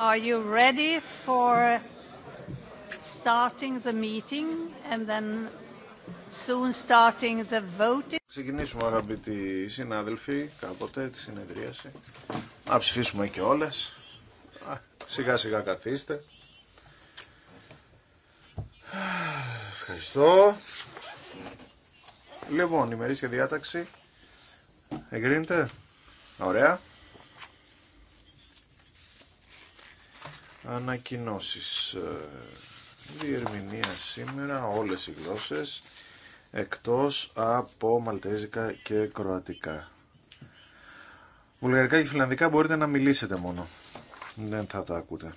Are you ready for starting the meeting and then soon starting the voting? Ξεκινήσουμε αγαπητοί συνάδελφοι, κάποτε τη συνεδρίαση. Να ψηφίσουμε και όλες. Α, σιγά σιγά καθίστε. Ευχαριστώ. Λοιπόν, η μερίσια διάταξη εγκρίνεται. Ωραία. Ανακοινώσεις. Ε, διερμηνία σήμερα, όλες οι γλώσσες, εκτός από Μαλτέζικα και Κροατικά. Βουλγαρικά και Φιλανδικά μπορείτε να μιλήσετε μόνο. Δεν θα τα ακούτε.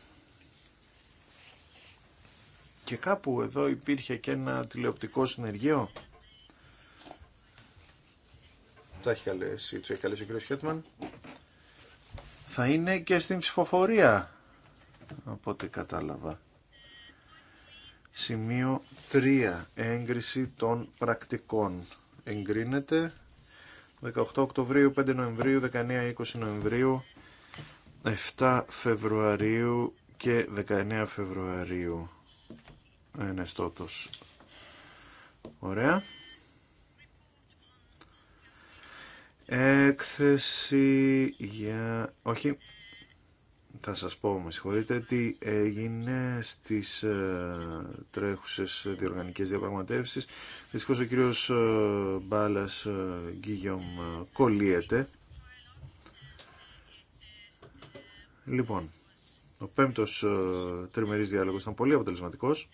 Και κάπου εδώ υπήρχε και ένα τηλεοπτικό συνεργείο. Τα έχει καλέσει, το έχει καλέσει ο κ. Χέτμαν. Θα είναι και στην ψηφοφορία από κατάλαβα. Σημείο 3. Έγκριση των πρακτικών. Εγκρίνεται 18 Οκτωβρίου, 5 Νοεμβρίου, 19-20 Νοεμβρίου, 7 Φεβρουαρίου και 19 Φεβρουαρίου. Ενεστώτος. Ωραία. Έκθεση για... Όχι, θα σας πω, με συγχωρείτε, τι έγινε στις ε, τρέχουσες διοργανικές διαπραγματεύσεις. Δυστυχώς ο κύριος ε, Μπάλας ε, Γκίγιομ κολλείεται. Λοιπόν, ο πέμπτος τριμερής διάλογος ήταν πολύ αποτελεσματικός.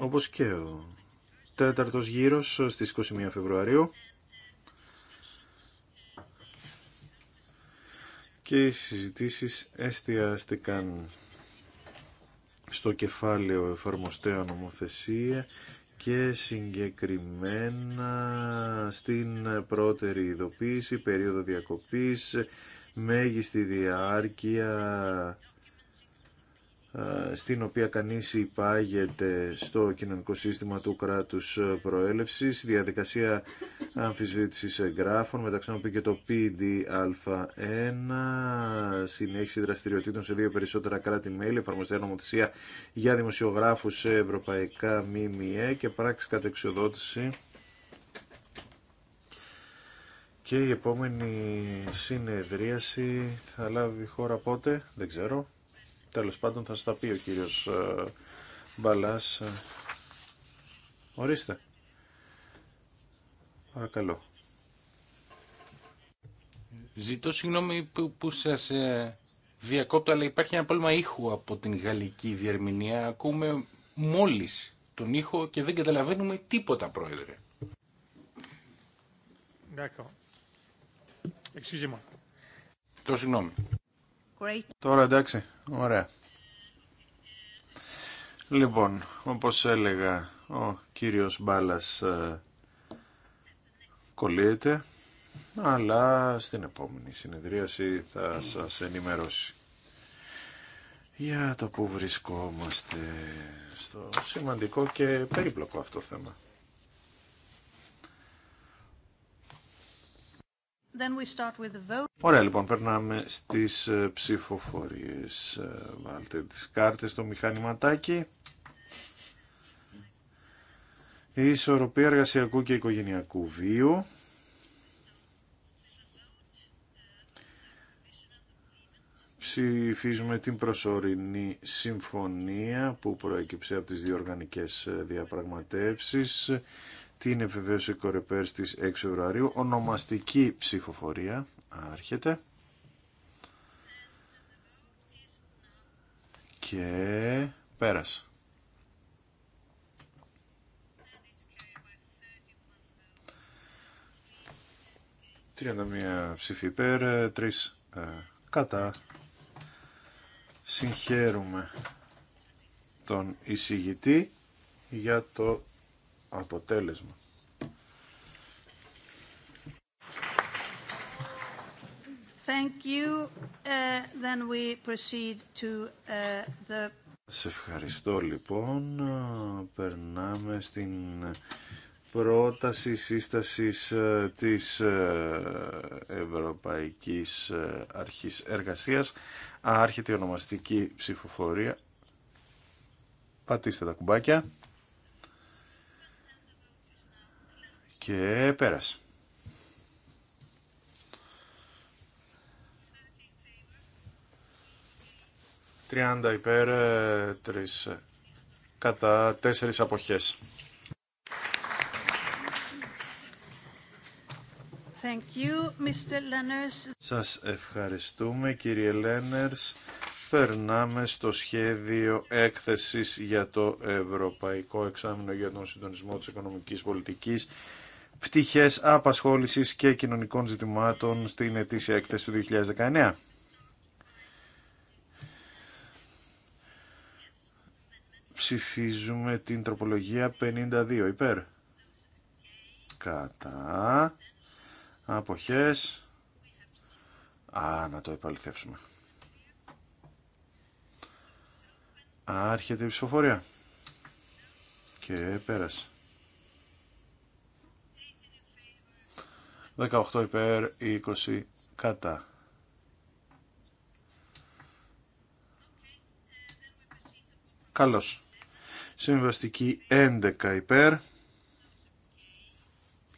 Όπως και ο τέταρτος γύρος στις 21 Φεβρουαρίου. και οι συζητήσεις εστιάστηκαν στο κεφάλαιο εφαρμοστέα νομοθεσία και συγκεκριμένα στην πρώτερη ειδοποίηση, περίοδο διακοπής, μέγιστη διάρκεια ε, στην οποία κανείς υπάγεται στο κοινωνικό σύστημα του κράτους προέλευσης, διαδικασία αμφισβήτησης εγγράφων, μεταξύ των οποίων και το PDA1, συνέχιση δραστηριοτήτων σε δύο περισσότερα κράτη-μέλη, εφαρμοστεία νομοθεσία για δημοσιογράφους σε ευρωπαϊκά ΜΜΕ και πράξη κατεξοδότηση. Και η επόμενη συνεδρίαση θα λάβει χώρα πότε, δεν ξέρω. Τέλος πάντων θα σας τα πει ο κύριος ε, Μπαλάς. Ε, ορίστε. Παρακαλώ. Ζητώ συγγνώμη που, που σας ε, διακόπτω, αλλά υπάρχει ένα πρόβλημα ήχου από την γαλλική διερμηνία. Ακούμε μόλις τον ήχο και δεν καταλαβαίνουμε τίποτα, πρόεδρε. D'accord. excusez Το συγγνώμη. Τώρα εντάξει, ωραία. Λοιπόν, όπως έλεγα, ο κύριος Μπάλας ε, κολλείται, αλλά στην επόμενη συνεδρίαση θα σας ενημερώσει για το που βρισκόμαστε στο σημαντικό και περίπλοκο αυτό θέμα. Ωραία λοιπόν, περνάμε στις ε, ψηφοφορίες. Ε, βάλτε τις κάρτες στο μηχανηματάκι. Η ισορροπία εργασιακού και οικογενειακού βίου. Ψηφίζουμε την προσωρινή συμφωνία που προέκυψε από τις δύο οργανικές ε, διαπραγματεύσεις την επιβεβαίωση κορεπέρ στις 6 Φεβρουαρίου. Ονομαστική ψηφοφορία. Άρχεται. Και πέρασε. μία ψήφι υπέρ, 3 ε, κατά. Συγχαίρουμε τον εισηγητή για το αποτέλεσμα. Thank you. Ε, then we proceed to ε, the... Σε ευχαριστώ λοιπόν. Περνάμε στην πρόταση σύστασης ε, της Ευρωπαϊκής Αρχής Εργασίας. Άρχεται η ονομαστική ψηφοφορία. Πατήστε τα κουμπάκια. Και πέρασε. 30 υπέρ, 3 ε, ε, κατά 4 αποχές. Thank you, Mr. Σας ευχαριστούμε κύριε Λένερς. Περνάμε στο σχέδιο έκθεσης για το Ευρωπαϊκό Εξάμεινο για τον Συντονισμό της Οικονομικής Πολιτικής Πτυχε απασχόλησης και κοινωνικών ζητημάτων στην ετήσια έκθεση του 2019. Ψηφίζουμε την τροπολογία 52 υπέρ. Κατά. Αποχές. Α, να το επαληθεύσουμε. Άρχεται η ψηφοφορία. Και πέρασε. 18 υπέρ, 20 κατά. Καλώς. Συμβαστική 11 υπέρ.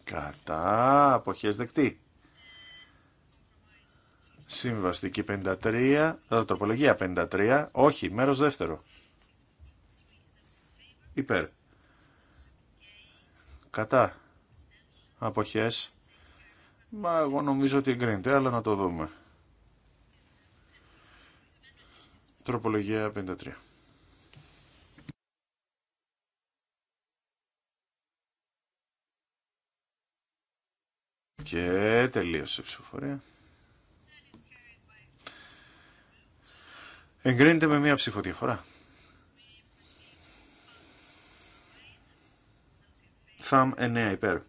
Κατά. Αποχές δεκτή. Συμβαστική 53. Τροπολογία 53. Όχι. Μέρος δεύτερο. Υπέρ. Κατά. Αποχές. Μα εγώ νομίζω ότι εγκρίνεται, αλλά να το δούμε. Τροπολογία 53. Και τελείωσε η ψηφοφορία. Εγκρίνεται με μία ψηφοδιαφορά. Θαμ 9 υπέρ.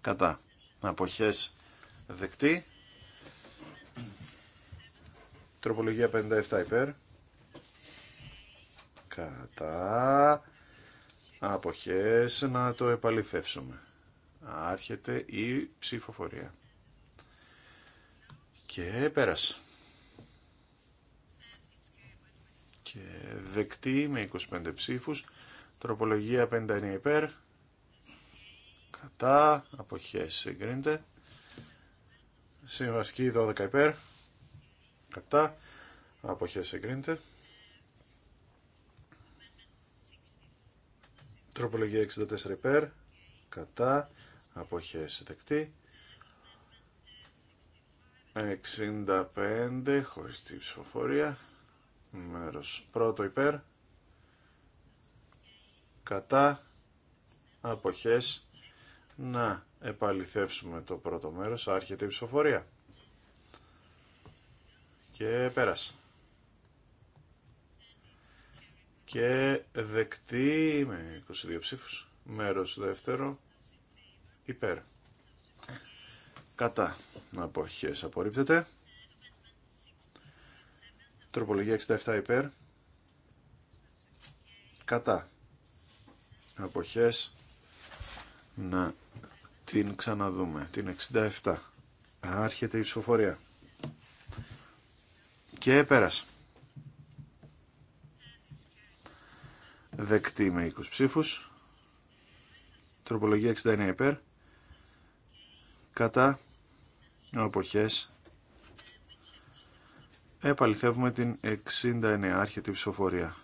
Κατά αποχές δεκτή. Τροπολογία 57 υπέρ. Κατά αποχές να το επαληθεύσουμε. Άρχεται η ψηφοφορία. Και πέρασε. Και δεκτή με 25 ψήφους. Τροπολογία 59 υπέρ κατά, αποχές Συγκρίνεται. Συμβαστική 12 υπέρ, κατά, αποχές Συγκρίνεται. Τροπολογία 64 υπέρ, κατά, αποχές δεκτή. 65 χωριστή ψηφοφορία, μέρος πρώτο υπέρ, κατά, αποχές να επαληθεύσουμε το πρώτο μέρος, άρχεται η ψηφοφορία. Και πέρασε. Και δεκτή με 22 ψήφους. Μέρος δεύτερο, υπέρ. Κατά. Αποχές απορρίπτεται. Τροπολογία 67 υπέρ. Κατά. Αποχές να την ξαναδούμε. Την 67. Άρχεται η ψηφοφορία. Και πέρασε. Δεκτή με 20 ψήφους. Τροπολογία 69 υπέρ. Κατά αποχές. Επαληθεύουμε την 69 άρχεται η ψηφοφορία.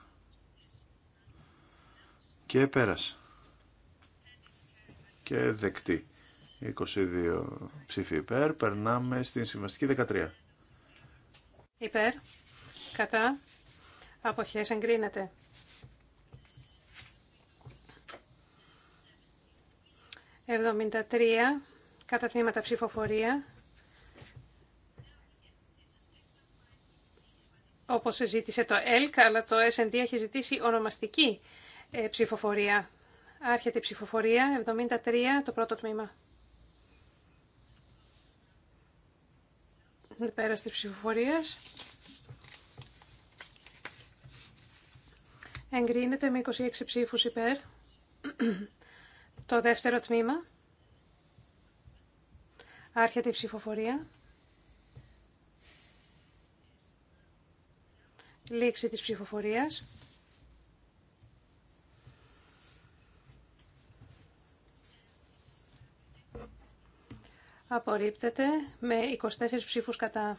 Και πέρασε και δεκτή. 22 ψήφοι υπέρ. Περνάμε στην συμβαστική 13. Υπέρ. Κατά. Αποχές εγκρίνεται. Εβδομήντα τρία. Κατά τμήματα ψηφοφορία. Όπως ζήτησε το ΕΛΚ, αλλά το SND έχει ζητήσει ονομαστική ε, ψηφοφορία. Άρχεται η ψηφοφορία. 73 το πρώτο τμήμα. πέρασε τη ψηφοφορία. Εγκρίνεται με 26 ψήφους υπέρ. το δεύτερο τμήμα. Άρχεται η ψηφοφορία. Λήξη της ψηφοφορίας. απορρίπτεται με 24 ψήφους κατά.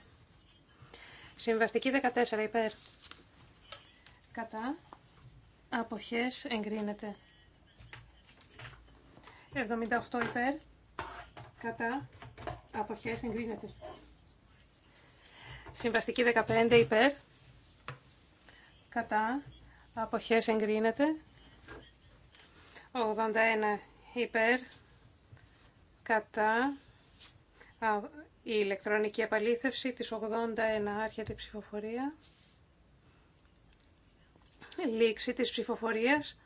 Συμβαστική 14 υπέρ. Κατά. Αποχές εγκρίνεται. 78 υπέρ. Κατά. Αποχές εγκρίνεται. Συμβαστική 15 υπέρ. Κατά. Αποχές εγκρίνεται. 81 υπέρ. Κατά η ηλεκτρονική απαλήθευση της 81 άρχεται ψηφοφορία. Λήξη της ψηφοφορίας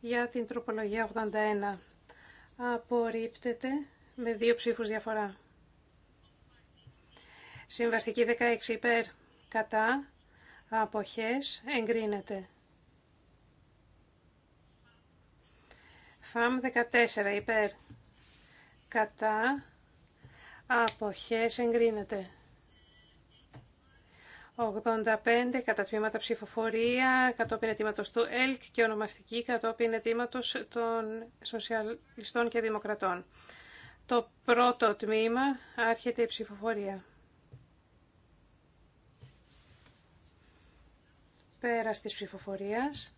για την τροπολογία 81. Απορρίπτεται με δύο ψήφους διαφορά. Συμβαστική 16 υπέρ κατά αποχές εγκρίνεται. ΦΑΜ 14 υπέρ κατά Αποχές εγκρίνεται. 85 κατά τμήματα ψηφοφορία, κατόπιν αιτήματος του ΕΛΚ και ονομαστική κατόπιν αιτήματος των σοσιαλιστών και δημοκρατών. Το πρώτο τμήμα άρχεται η ψηφοφορία. πέρα της ψηφοφορίας.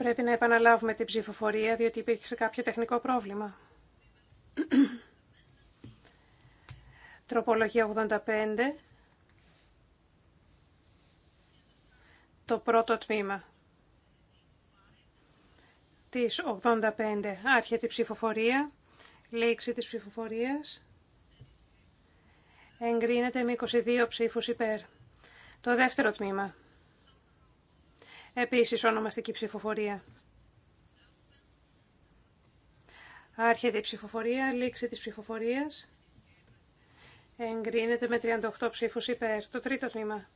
Πρέπει να επαναλάβουμε την ψηφοφορία, διότι υπήρχε κάποιο τεχνικό πρόβλημα. Τροπολογία 85. Το πρώτο τμήμα. Της 85. Άρχεται η ψηφοφορία. Λήξη της ψηφοφορίας. Εγκρίνεται με 22 ψήφους υπέρ. Το δεύτερο τμήμα. Επίσης, ονομαστική ψηφοφορία. Άρχεται η ψηφοφορία, λήξη της ψηφοφορίας. Εγκρίνεται με 38 ψήφους υπέρ. Το τρίτο τμήμα.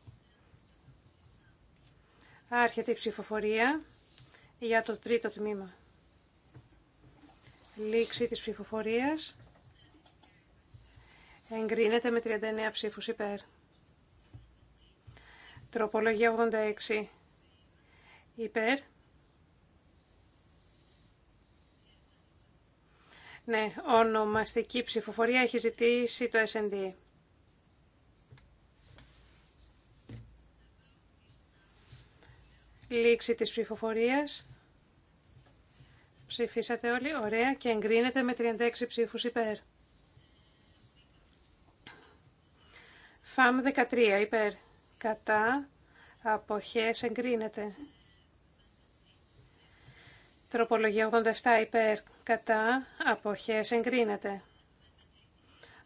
Άρχεται η ψηφοφορία για το τρίτο τμήμα. Λήξη της ψηφοφορίας. Εγκρίνεται με 39 ψήφους υπέρ. Τροπολογία 86. Υπέρ. Ναι, ονομαστική ψηφοφορία έχει ζητήσει το SND. Λήξη της ψηφοφορίας. Ψηφίσατε όλοι, ωραία, και εγκρίνεται με 36 ψήφους υπέρ. ΦΑΜ 13 υπέρ. Κατά αποχές εγκρίνεται. Τροπολογία 87 υπέρ κατά αποχές εγκρίνεται.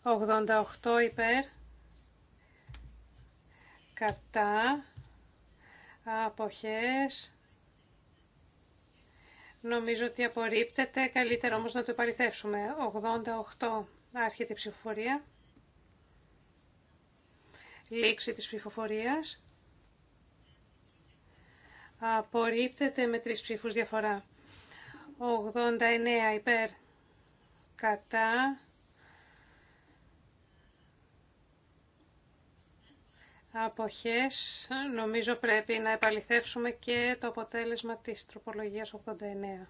88 υπέρ κατά αποχές Νομίζω ότι απορρίπτεται, καλύτερα όμως να το επαληθεύσουμε. 88 άρχεται η ψηφοφορία. Λήξη της ψηφοφορίας. Απορρίπτεται με τρεις ψήφους διαφορά. 89 υπέρ κατά αποχές. Νομίζω πρέπει να επαληθεύσουμε και το αποτέλεσμα της τροπολογίας 89.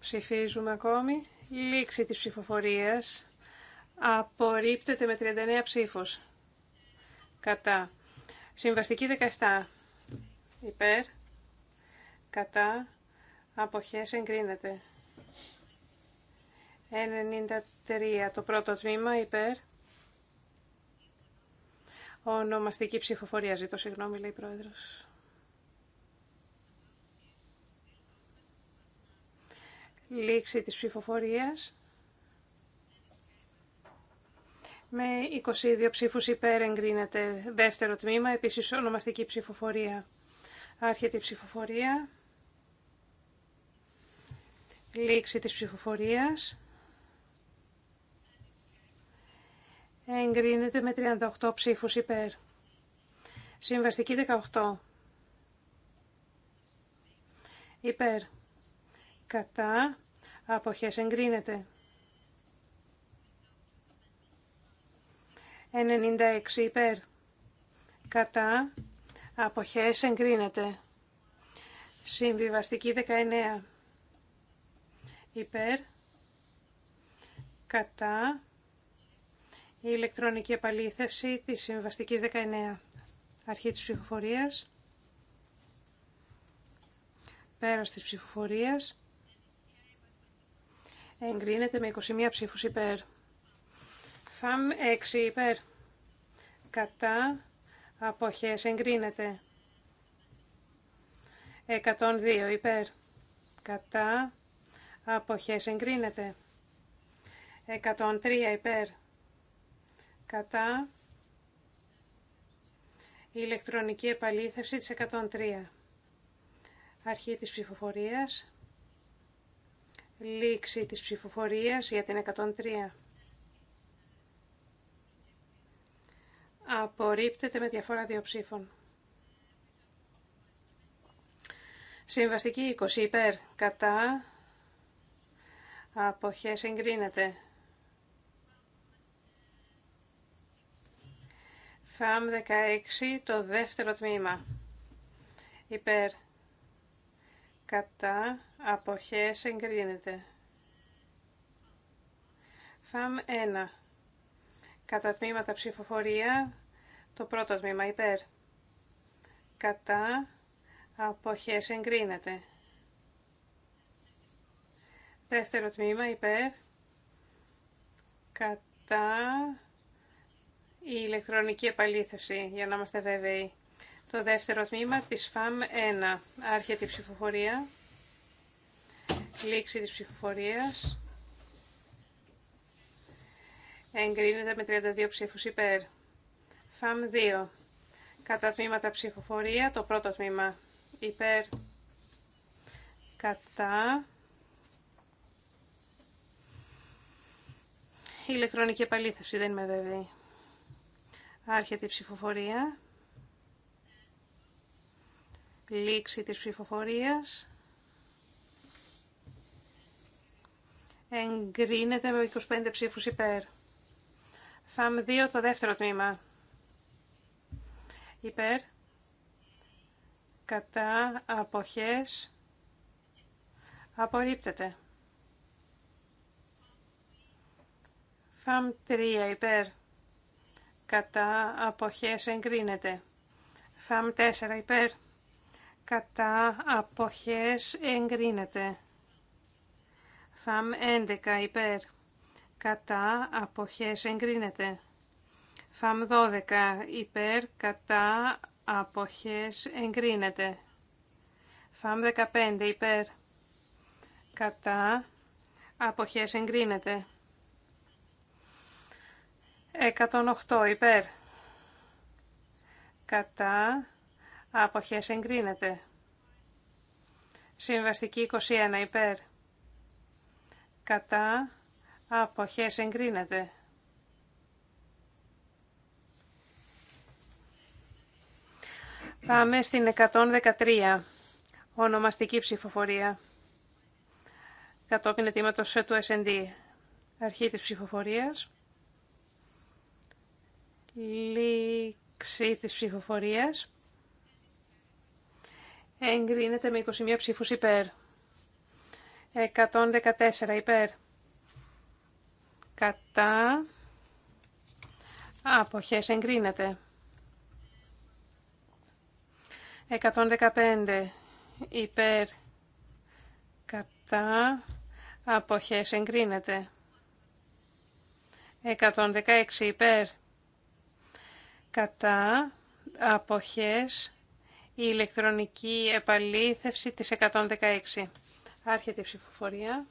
Ψηφίζουμε ακόμη. Λήξη της ψηφοφορίας. Απορρίπτεται με 39 ψήφους κατά. Συμβαστική 17 υπέρ, κατά, αποχές εγκρίνεται. 93 το πρώτο τμήμα υπέρ. Ονομαστική ψηφοφορία ζητώ, συγγνώμη λέει η Πρόεδρος. Λήξη της ψηφοφορίας. Με 22 ψήφους υπέρ εγκρίνεται δεύτερο τμήμα, επίσης ονομαστική ψηφοφορία. Άρχεται η ψηφοφορία. Λήξη της ψηφοφορίας. Εγκρίνεται με 38 ψήφους υπέρ. Συμβαστική 18. Υπέρ. Κατά. Αποχές εγκρίνεται. 96 υπέρ. Κατά. Αποχές εγκρίνεται. Συμβιβαστική 19 υπέρ. Κατά. Η ηλεκτρονική επαλήθευση της συμβαστικής 19. Αρχή της ψηφοφορίας. Πέρας της ψηφοφορίας. Εγκρίνεται με 21 ψήφους υπέρ. ΦΑΜ 6 υπέρ. Κατά αποχές εγκρίνεται. 102 υπέρ. Κατά αποχές εγκρίνεται. 103 υπέρ. Κατά ηλεκτρονική επαλήθευση της 103. Αρχή της ψηφοφορίας. Λήξη της ψηφοφορίας για την 103. απορρίπτεται με διαφορά δύο ψήφων. Συμβαστική 20 υπέρ κατά αποχές εγκρίνεται. ΦΑΜ 16 το δεύτερο τμήμα υπέρ κατά αποχές εγκρίνεται. ΦΑΜ 1 Κατά τμήματα ψηφοφορία, το πρώτο τμήμα υπέρ. Κατά αποχές εγκρίνεται. Δεύτερο τμήμα υπέρ. Κατά η ηλεκτρονική επαλήθευση, για να είμαστε βέβαιοι. Το δεύτερο τμήμα της ΦΑΜ 1. Άρχεται η ψηφοφορία. Λήξη της ψηφοφορίας εγκρίνεται με 32 ψήφους υπέρ. ΦΑΜ 2. Κατά τμήματα ψηφοφορία, το πρώτο τμήμα υπέρ κατά ηλεκτρονική επαλήθευση, δεν είμαι βέβαιη. Άρχεται η ψηφοφορία. Λήξη της ψηφοφορίας. Εγκρίνεται με 25 ψήφους υπέρ. ΦΑΜ 2 το δεύτερο τμήμα. Υπέρ. Κατά αποχές απορρίπτεται. ΦΑΜ 3 υπέρ. Κατά αποχές εγκρίνεται. ΦΑΜ 4 υπέρ. Κατά αποχές εγκρίνεται. ΦΑΜ 11 υπέρ κατά αποχές εγκρίνεται. ΦΑΜ 12 υπέρ κατά αποχές εγκρίνεται. ΦΑΜ 15 υπέρ κατά αποχές εγκρίνεται. 108 υπέρ κατά αποχές εγκρίνεται. Συμβαστική 21 υπέρ κατά Αποχές εγκρίνεται. Πάμε στην 113. Ονομαστική ψηφοφορία. Κατόπιν ετοίματος του S&D. Αρχή της ψηφοφορίας. Λήξη της ψηφοφορίας. Εγκρίνεται με 21 ψήφους υπέρ. 114 υπέρ κατά αποχές εγκρίνεται. 115 υπέρ κατά αποχές εγκρίνεται. 116 υπέρ κατά αποχές η ηλεκτρονική επαλήθευση της 116. Άρχεται η ψηφοφορία.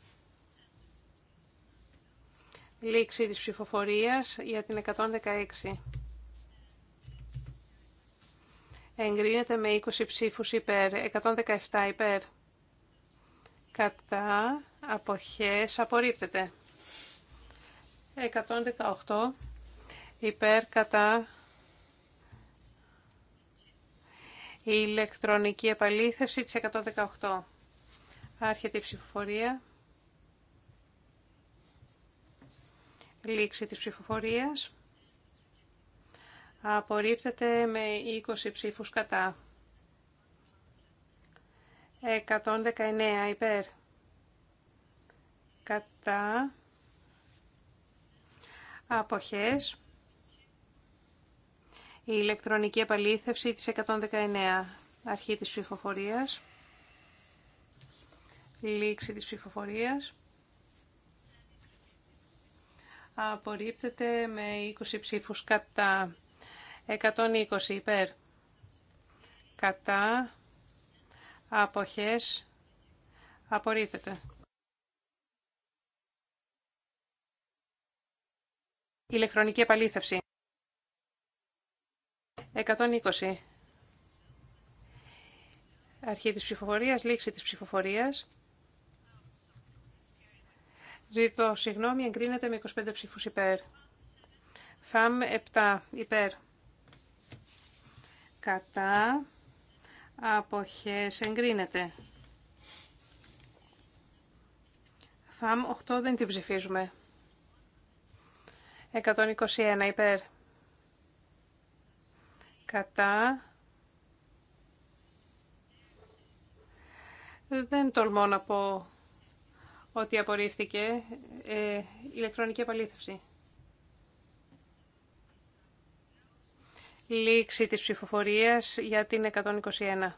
Λήξη της ψηφοφορίας για την 116. Εγκρίνεται με 20 ψήφους υπέρ, 117 υπέρ. Κατά αποχές απορρίπτεται. 118 υπέρ κατά ηλεκτρονική επαλήθευση της 118. Άρχεται η ψηφοφορία. Λήξη της ψηφοφορίας. Απορρίπτεται με 20 ψήφους κατά. 119 υπέρ. Κατά. Αποχές. Η ηλεκτρονική επαλήθευση της 119. Αρχή της ψηφοφορίας. Λήξη της ψηφοφορίας απορρίπτεται με 20 ψήφους κατά 120 υπέρ κατά αποχές απορρίπτεται. Ηλεκτρονική επαλήθευση. 120. Αρχή της ψηφοφορίας, λήξη της ψηφοφορίας. Ζητώ συγγνώμη, εγκρίνεται με 25 ψήφους υπέρ. ΦΑΜ 7 υπέρ. Κατά αποχές εγκρίνεται. ΦΑΜ 8 δεν την ψηφίζουμε. 121 υπέρ. Κατά. Δεν τολμώ να πω ότι απορρίφθηκε ε, ηλεκτρονική επαλήθευση. Λήξη της ψηφοφορίας για την 121.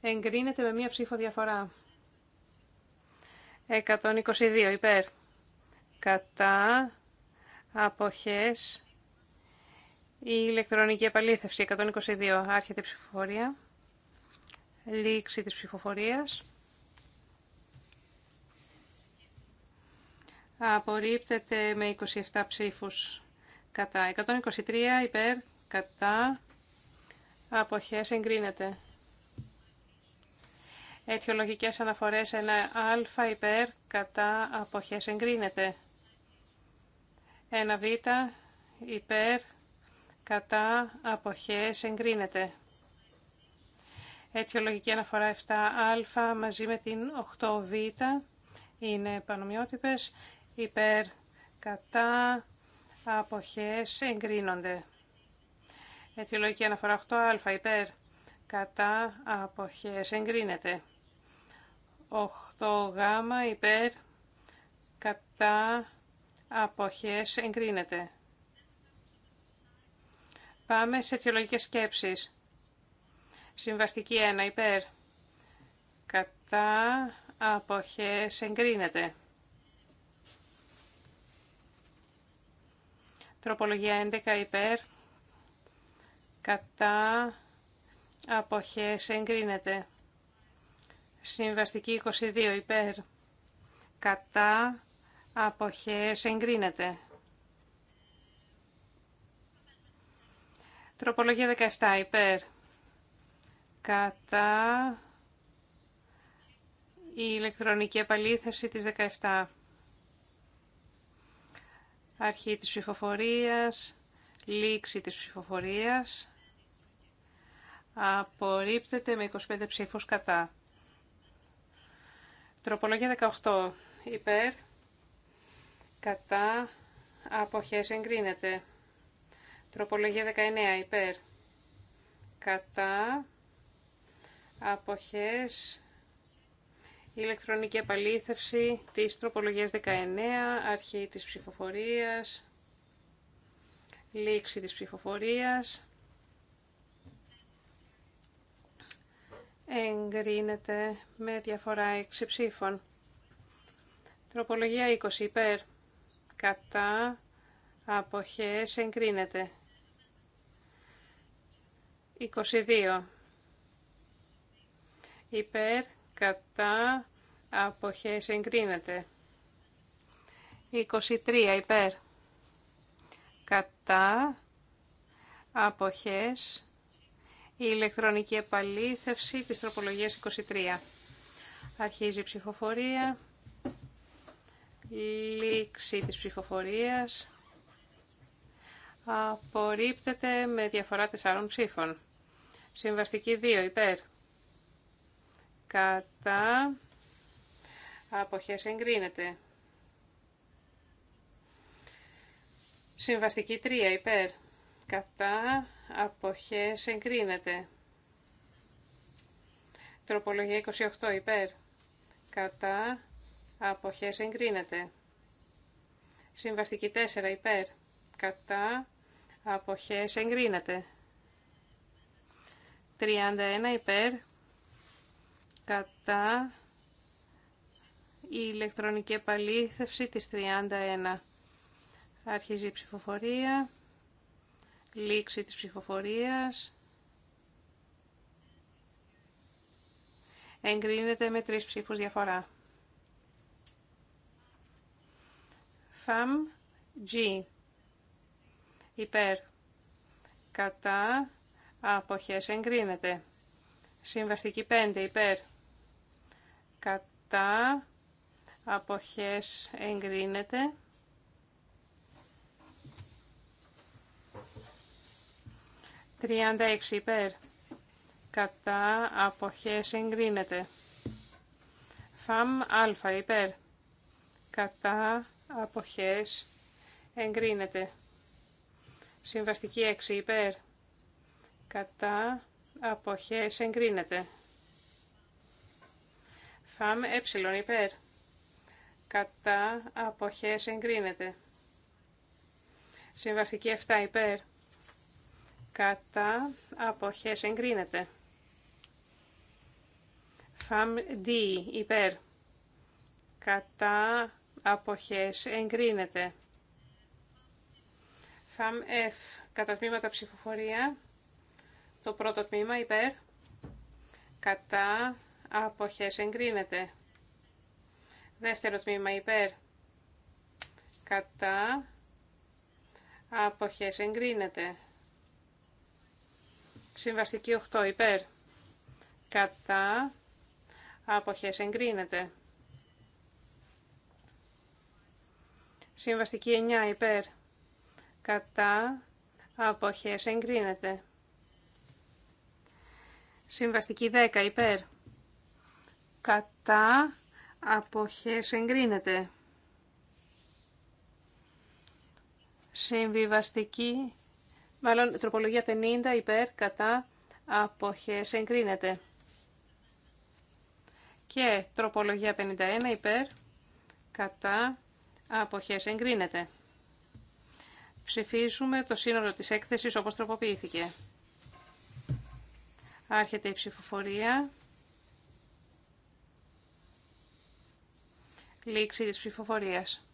Εγκρίνεται με μία ψήφο διαφορά. 122 υπέρ. Κατά αποχές η ηλεκτρονική επαλήθευση 122. Άρχεται η ψηφοφορία. Λήξη της ψηφοφορίας. απορρίπτεται με 27 ψήφους κατά. 123 υπέρ κατά αποχές εγκρίνεται. Αιτιολογικές αναφορές 1α υπέρ κατά αποχές εγκρίνεται. 1β υπέρ κατά αποχές εγκρίνεται. Αιτιολογική αναφορά 7α μαζί με την 8β είναι πανομοιότυπες υπέρ κατά αποχές εγκρίνονται. Αιτιολογική αναφορά 8α υπέρ κατά αποχές εγκρίνεται. 8γ υπέρ κατά αποχές εγκρίνεται. Πάμε σε αιτιολογικές σκέψεις. Συμβαστική 1 υπέρ κατά αποχές εγκρίνεται. Τροπολογία 11 υπέρ. Κατά αποχές εγκρίνεται. Συμβαστική 22 υπέρ. Κατά αποχές εγκρίνεται. Τροπολογία 17 υπέρ. Κατά η ηλεκτρονική επαλήθευση της 17. Αρχή της ψηφοφορίας, λήξη της ψηφοφορίας. Απορρίπτεται με 25 ψήφους κατά. Τροπολογία 18. Υπέρ, κατά, αποχές εγκρίνεται. Τροπολογία 19. Υπέρ, κατά, αποχές ηλεκτρονική επαλήθευση της τροπολογίας 19, αρχή της ψηφοφορίας, λήξη της ψηφοφορίας, εγκρίνεται με διαφορά 6 ψήφων. Τροπολογία 20 υπέρ, κατά, αποχές, εγκρίνεται. 22 υπέρ, κατά αποχές εγκρίνεται. 23 υπέρ κατά αποχές η ηλεκτρονική επαλήθευση της τροπολογίας 23. Αρχίζει η ψηφοφορία, λήξη της ψηφοφορίας, απορρίπτεται με διαφορά τεσσάρων ψήφων. Συμβαστική 2 υπέρ κατά αποχές εγκρίνεται. Συμβαστική 3 υπέρ κατά αποχές εγκρίνεται. Τροπολογία 28 υπέρ κατά αποχές εγκρίνεται. Συμβαστική 4 υπέρ κατά αποχές εγκρίνεται. 31 υπέρ κατά η ηλεκτρονική επαλήθευση της 31. Άρχιζει η ψηφοφορία, λήξη της ψηφοφορίας. Εγκρίνεται με τρεις ψήφους διαφορά. Φαμ G. Υπέρ. Κατά. Αποχές εγκρίνεται. Συμβαστική 5. Υπέρ κατά αποχές εγκρίνεται. Τριάντα έξι υπέρ. Κατά αποχές εγκρίνεται. Φαμ άλφα, υπέρ. Κατά αποχές εγκρίνεται. Συμβαστική 6 υπέρ. Κατά αποχές εγκρίνεται. Φαμ ε υπέρ. Κατά αποχές εγκρίνεται. Συμβαστική 7 υπέρ. Κατά αποχές εγκρίνεται. Φαμ Δ υπέρ. Κατά αποχές εγκρίνεται. Φαμ F κατά τμήματα ψηφοφορία. Το πρώτο τμήμα υπέρ. Κατά Αποχές εγκρίνεται. Δεύτερο τμήμα υπέρ. Κατά. Αποχές εγκρίνεται. Συμβαστική 8 υπέρ. Κατά. Αποχές εγκρίνεται. Συμβαστική 9 υπέρ. Κατά. Αποχές εγκρίνεται. Συμβαστική 10 υπέρ κατά αποχές εγκρίνεται. Συμβιβαστική, μάλλον τροπολογία 50 υπέρ κατά αποχές εγκρίνεται. Και τροπολογία 51 υπέρ κατά αποχές εγκρίνεται. Ψηφίσουμε το σύνολο της έκθεσης όπως τροποποιήθηκε. Άρχεται η ψηφοφορία. Λήξη της ψηφοφορίας.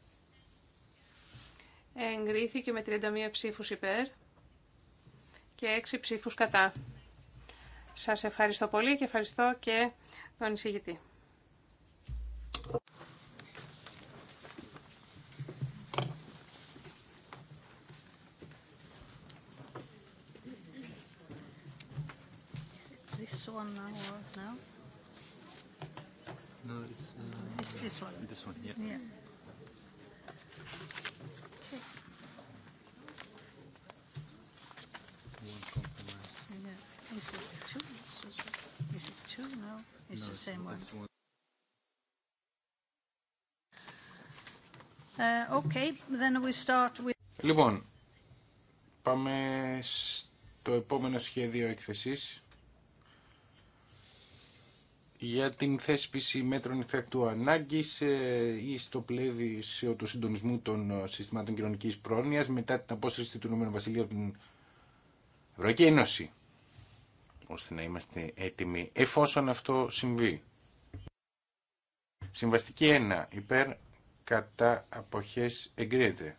Εγκρίθηκε με 31 ψήφους υπέρ και 6 ψήφους κατά. Σας ευχαριστώ πολύ και ευχαριστώ και τον εισηγητή. This one now it's it's this one. This one, yeah. yeah. One compromise. Yeah. Is it two? Is it two? No, it's no, the it's same one. one. Uh, okay, then we start with... Λοιπόν, πάμε στο επόμενο σχέδιο εκθεσής για την θέσπιση μέτρων εκτακτού ανάγκης ε, ή στο πλαίσιο του συντονισμού των ε, συστημάτων κοινωνική πρόνοια μετά την απόσταση του Ηνωμένου Βασιλείου από την Ευρωπαϊκή Ένωση ώστε να είμαστε έτοιμοι εφόσον αυτό συμβεί. Συμβαστική 1. Υπέρ κατά αποχές εγκρίνεται.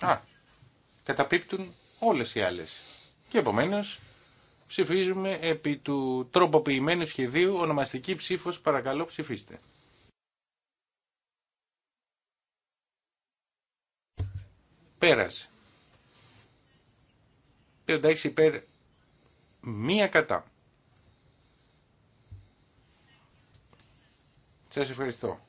Α, καταπίπτουν όλες οι άλλες. Και επομένως ψηφίζουμε επί του τροποποιημένου σχεδίου ονομαστική ψήφος παρακαλώ ψηφίστε. Πέρασε. 36 υπέρ, μία κατά. Σας ευχαριστώ.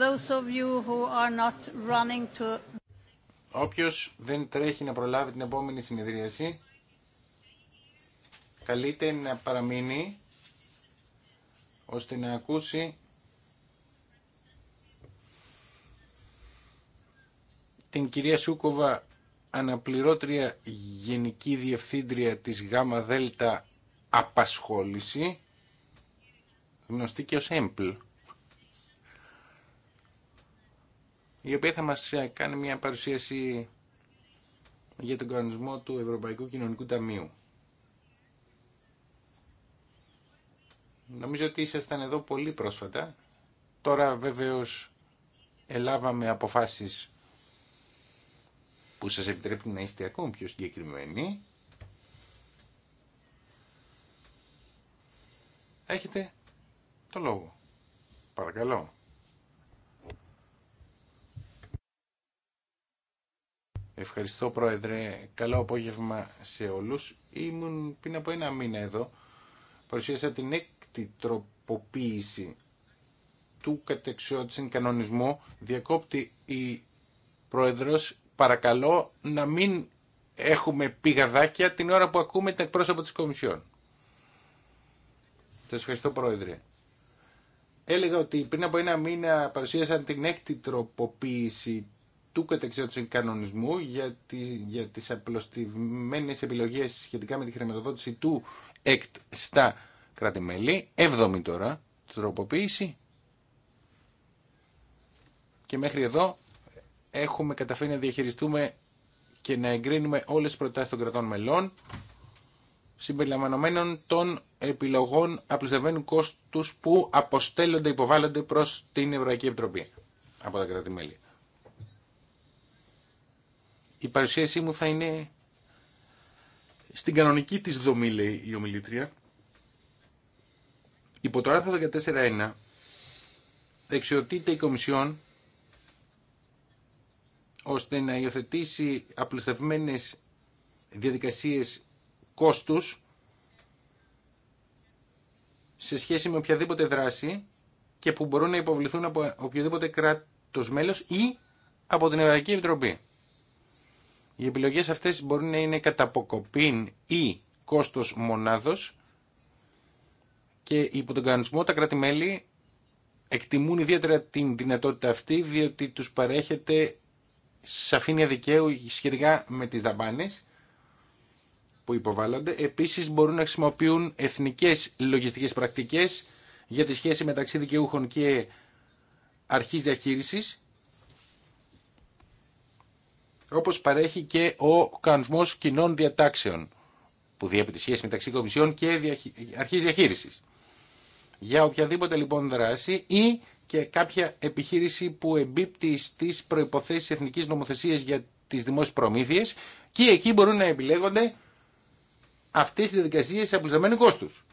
Those Όποιος δεν τρέχει να προλάβει την επόμενη συνεδρίαση, καλείται να παραμείνει ώστε να ακούσει την κυρία Σούκοβα αναπληρώτρια γενική διευθύντρια της ΓΑΜΑ ΔΕΛΤΑ Απασχόληση γνωστή και ως ΕΜΠΛ. η οποία θα μας ε, κάνει μια παρουσίαση για τον κανονισμό του Ευρωπαϊκού Κοινωνικού Ταμείου. Νομίζω ότι ήσασταν εδώ πολύ πρόσφατα. Τώρα βεβαίως ελάβαμε αποφάσεις που σας επιτρέπουν να είστε ακόμη πιο συγκεκριμένοι. Έχετε το λόγο. Παρακαλώ. Ευχαριστώ Πρόεδρε. Καλό απόγευμα σε όλους. Ήμουν πριν από ένα μήνα εδώ. Παρουσίασα την έκτη τροποποίηση του κατεξιότησης κανονισμού. Διακόπτη η Πρόεδρος. Παρακαλώ να μην έχουμε πηγαδάκια την ώρα που ακούμε την εκπρόσωπο της Κομισιόν. Σας ευχαριστώ Πρόεδρε. Έλεγα ότι πριν από ένα μήνα παρουσίασαν την έκτη του κατεξιότητας κανονισμού για, τη, για τις απλωστημένες επιλογές σχετικά με τη χρηματοδότηση του ΕΚΤ στα κράτη-μέλη. Έβδομη τώρα τροποποίηση. Και μέχρι εδώ έχουμε καταφέρει να διαχειριστούμε και να εγκρίνουμε όλες τις προτάσεις των κρατών μελών συμπεριλαμβανομένων των επιλογών απλουστευμένου κόστους που αποστέλλονται, υποβάλλονται προς την Ευρωπαϊκή Επιτροπή από τα κράτη-μέλη. Η παρουσίασή μου θα είναι στην κανονική της δομή, λέει η ομιλήτρια. Υπό το άρθρο 14.1 εξιωτείται η Κομισιόν ώστε να υιοθετήσει απλουστευμένες διαδικασίες κόστους σε σχέση με οποιαδήποτε δράση και που μπορούν να υποβληθούν από οποιοδήποτε κράτος μέλος ή από την Ευρωπαϊκή Επιτροπή. Οι επιλογές αυτές μπορεί να είναι κατά ή κόστος μονάδος και υπό τον κανονισμό τα κράτη-μέλη εκτιμούν ιδιαίτερα την δυνατότητα αυτή διότι τους παρέχεται σαφήνεια δικαίου σχετικά με τις δαπάνες που υποβάλλονται. Επίσης μπορούν να χρησιμοποιούν εθνικές λογιστικές πρακτικές για τη σχέση μεταξύ δικαιούχων και αρχής διαχείρισης όπως παρέχει και ο κανονισμός κοινών διατάξεων που διέπει τη σχέση μεταξύ Κομισιών και Αρχής Διαχείρισης. Για οποιαδήποτε λοιπόν δράση ή και κάποια επιχείρηση που εμπίπτει στις προϋποθέσεις εθνικής νομοθεσίας για τις δημόσιες προμήθειες και εκεί μπορούν να επιλέγονται αυτές οι διαδικασίες σε απλουσταμένου κόστους.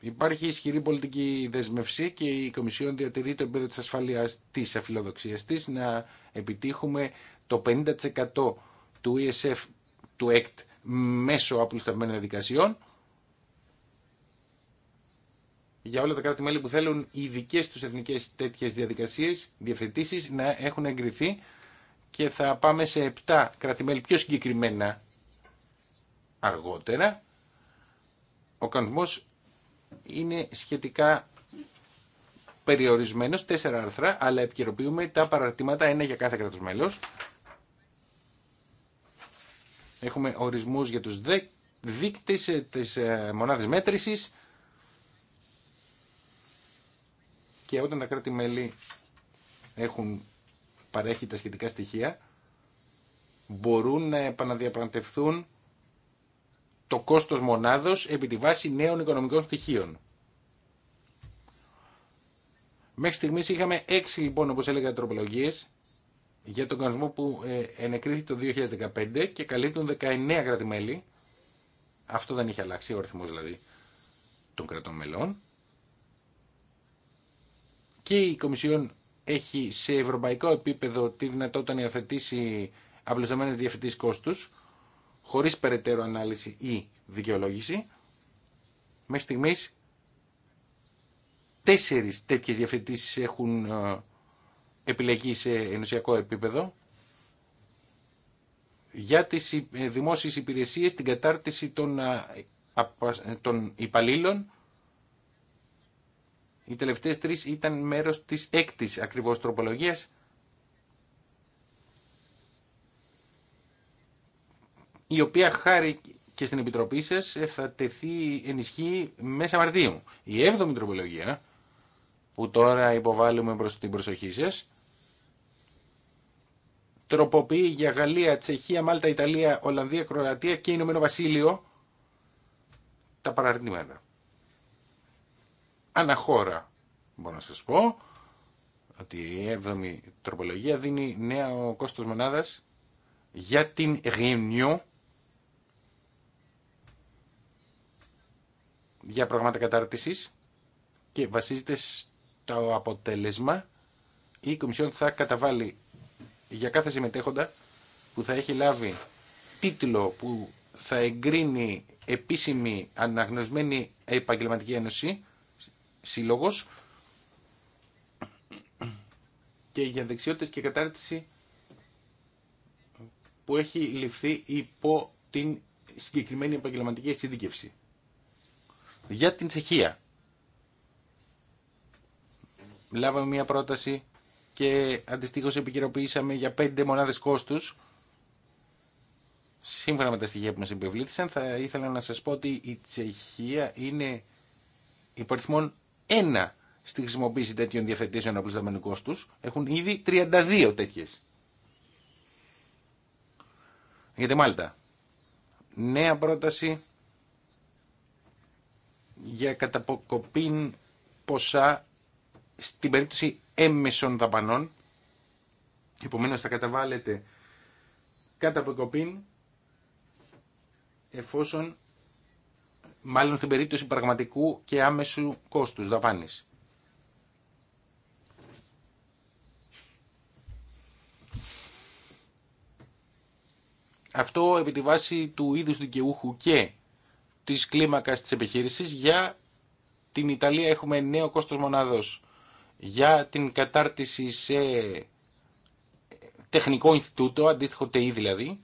Υπάρχει ισχυρή πολιτική δεσμευσή και η Κομισιόν διατηρεί το επίπεδο της ασφαλείας της αφιλοδοξίας της να επιτύχουμε το 50% του ESF του ΕΚΤ μέσω απλουστευμένων διαδικασιών για όλα τα κράτη-μέλη που θέλουν οι δικέ του εθνικέ τέτοιε διαδικασίε, διευθετήσει να έχουν εγκριθεί και θα πάμε σε 7 κράτη-μέλη πιο συγκεκριμένα αργότερα. Ο κανονισμό είναι σχετικά περιορισμένο, 4 άρθρα, αλλά επικαιροποιούμε τα παραρτήματα, ένα για κάθε κράτο μέλο Έχουμε ορισμούς για τους δείκτες ε, της ε, μονάδης μέτρησης και όταν τα κράτη-μέλη έχουν παρέχει τα σχετικά στοιχεία μπορούν να επαναδιαπραγματευτούν το κόστος μονάδος επί τη βάση νέων οικονομικών στοιχείων. Μέχρι στιγμής είχαμε έξι λοιπόν όπως έλεγα τροπολογίες για τον κανονισμό που ε, ενεκρίθηκε το 2015 και καλύπτουν 19 κρατημέλη. Αυτό δεν είχε αλλάξει, ο αριθμός δηλαδή των κρατών μελών. Και η Κομισιόν έχει σε ευρωπαϊκό επίπεδο τη δυνατότητα να υιοθετήσει απλουσταμένες διευθυντής κόστους, χωρίς περαιτέρω ανάλυση ή δικαιολόγηση. Μέχρι στιγμής τέσσερις τέτοιες διευθυντήσεις έχουν ε, επιλεγεί σε ενωσιακό επίπεδο για τις ε, δημόσιες υπηρεσίες, την κατάρτιση των, των υπαλλήλων. Οι τελευταίες τρεις ήταν μέρος της έκτης ακριβώς τροπολογίας. η οποία χάρη και στην Επιτροπή σας ε, θα τεθεί ενισχύ μέσα Μαρτίου. Η έβδομη τροπολογία που τώρα υποβάλλουμε προς την προσοχή σας τροποποιεί για Γαλλία, Τσεχία, Μάλτα, Ιταλία, Ολλανδία, Κροατία και Ηνωμένο Βασίλειο τα παραρτημένα. Αναχώρα, μπορώ να σας πω, ότι η 7η τροπολογία δίνει νέο κόστος μονάδας για την Ρινιό για προγράμματα κατάρτισης και βασίζεται στο αποτέλεσμα η Κομισιόν θα καταβάλει για κάθε συμμετέχοντα που θα έχει λάβει τίτλο που θα εγκρίνει επίσημη αναγνωσμένη επαγγελματική ένωση, σύλλογος, και για δεξιότητες και κατάρτιση που έχει ληφθεί υπό την συγκεκριμένη επαγγελματική εξειδίκευση. Για την Τσεχία. Λάβαμε μια πρόταση και αντιστοίχω επικαιροποιήσαμε για πέντε μονάδε κόστου. Σύμφωνα με τα στοιχεία που μα επιβλήθησαν θα ήθελα να σα πω ότι η Τσεχία είναι υπαριθμόν ένα στη χρησιμοποίηση τέτοιων διευθετήσεων απλουσταμένου κόστου. Έχουν ήδη 32 τέτοιε. Για τη Μάλτα. Νέα πρόταση για καταποκοπήν ποσά στην περίπτωση έμμεσων δαπανών. Επομένως θα καταβάλλεται κατά κοπήν εφόσον μάλλον στην περίπτωση πραγματικού και άμεσου κόστους δαπάνης. Αυτό επί τη βάση του είδους δικαιούχου και της κλίμακας της επιχείρησης για την Ιταλία έχουμε νέο κόστος μονάδος για την κατάρτιση σε τεχνικό Ινστιτούτο, αντίστοιχο ΤΕΙ e δηλαδή,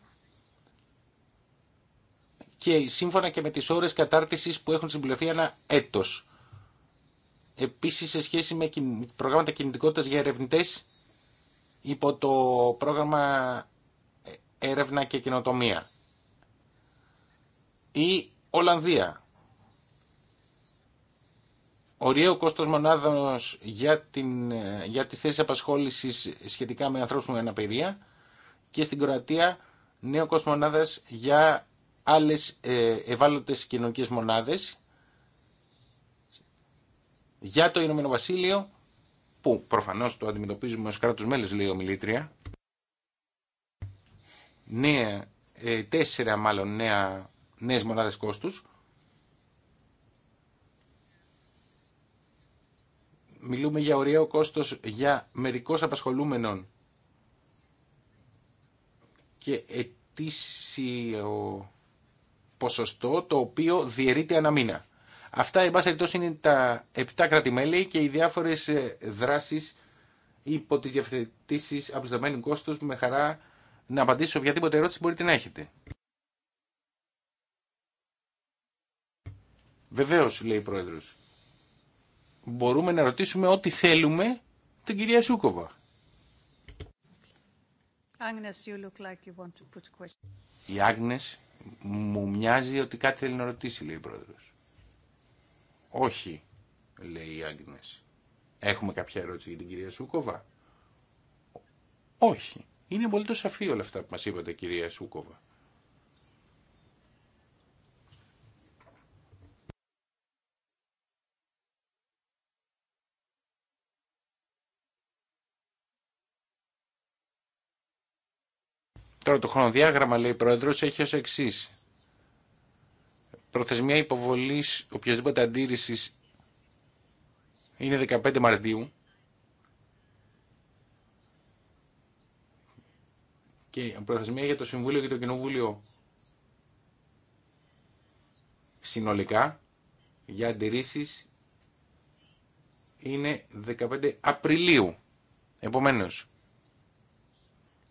και σύμφωνα και με τις ώρες κατάρτισης που έχουν συμπληρωθεί ένα έτος. Επίσης, σε σχέση με προγράμματα κινητικότητας για ερευνητές, υπό το πρόγραμμα έρευνα και κοινοτομία. Η Ολλανδία Ωραίο κόστο μονάδα για, την, για τις θέσεις απασχόλησης σχετικά με ανθρώπου με αναπηρία και στην Κροατία νέο κόστο μονάδα για άλλες ε, ευάλωτε κοινωνικέ μονάδες για το Ηνωμένο Βασίλειο που προφανώς το αντιμετωπίζουμε ω κράτος μέλο, λέει ο Μιλήτρια ε, τέσσερα μάλλον νέα, νέες μονάδες κόστους Μιλούμε για ωραίο κόστος για μερικώς απασχολούμενων και ετήσιο ποσοστό το οποίο διαιρείται ανά μήνα. Αυτά, εν πάση είναι τα επτά κρατημέλη και οι διάφορες ε, δράσεις υπό τις διαφθετήσεις από τους κόστος με χαρά να απαντήσω οποιαδήποτε ερώτηση μπορείτε να έχετε. Βεβαίως, λέει η Πρόεδρος μπορούμε να ρωτήσουμε ό,τι θέλουμε την κυρία Σούκοβα. Agnes, you look like you want to put η Άγνες μου μοιάζει ότι κάτι θέλει να ρωτήσει, λέει η πρόεδρος. Όχι, λέει η Άγνες. Έχουμε κάποια ερώτηση για την κυρία Σούκοβα. Όχι. Είναι πολύ το σαφή όλα αυτά που μας είπατε, κυρία Σούκοβα. Τώρα το χρονοδιάγραμμα, λέει η Πρόεδρος, έχει ω εξή. Προθεσμία υποβολής οποιασδήποτε αντίρρησης είναι 15 Μαρτίου. Και προθεσμία για το Συμβούλιο και το Κοινοβούλιο συνολικά για αντιρρήσει είναι 15 Απριλίου. Επομένως,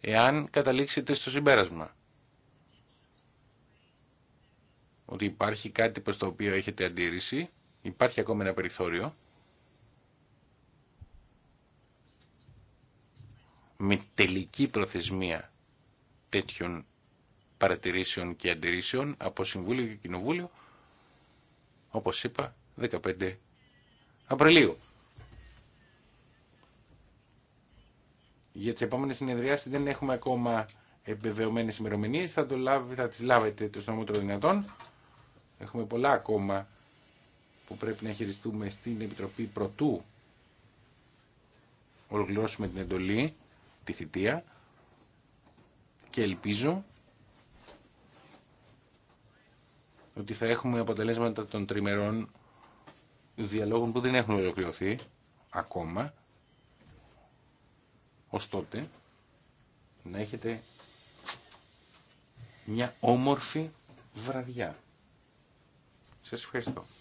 εάν καταλήξετε στο συμπέρασμα ότι υπάρχει κάτι προς το οποίο έχετε αντίρρηση, υπάρχει ακόμη ένα περιθώριο, με τελική προθεσμία τέτοιων παρατηρήσεων και αντιρρήσεων από Συμβούλιο και Κοινοβούλιο, όπως είπα, 15 Απριλίου. Για τις επόμενες συνεδριάσεις δεν έχουμε ακόμα επιβεβαιωμένες ημερομηνίε, θα, το λάβει, θα τις λάβετε το των δυνατών. Έχουμε πολλά ακόμα που πρέπει να χειριστούμε στην Επιτροπή Πρωτού ολοκληρώσουμε την εντολή, τη θητεία και ελπίζω ότι θα έχουμε αποτελέσματα των τριμερών διαλόγων που δεν έχουν ολοκληρωθεί ακόμα ως τότε να έχετε μια όμορφη βραδιά. Σας ευχαριστώ.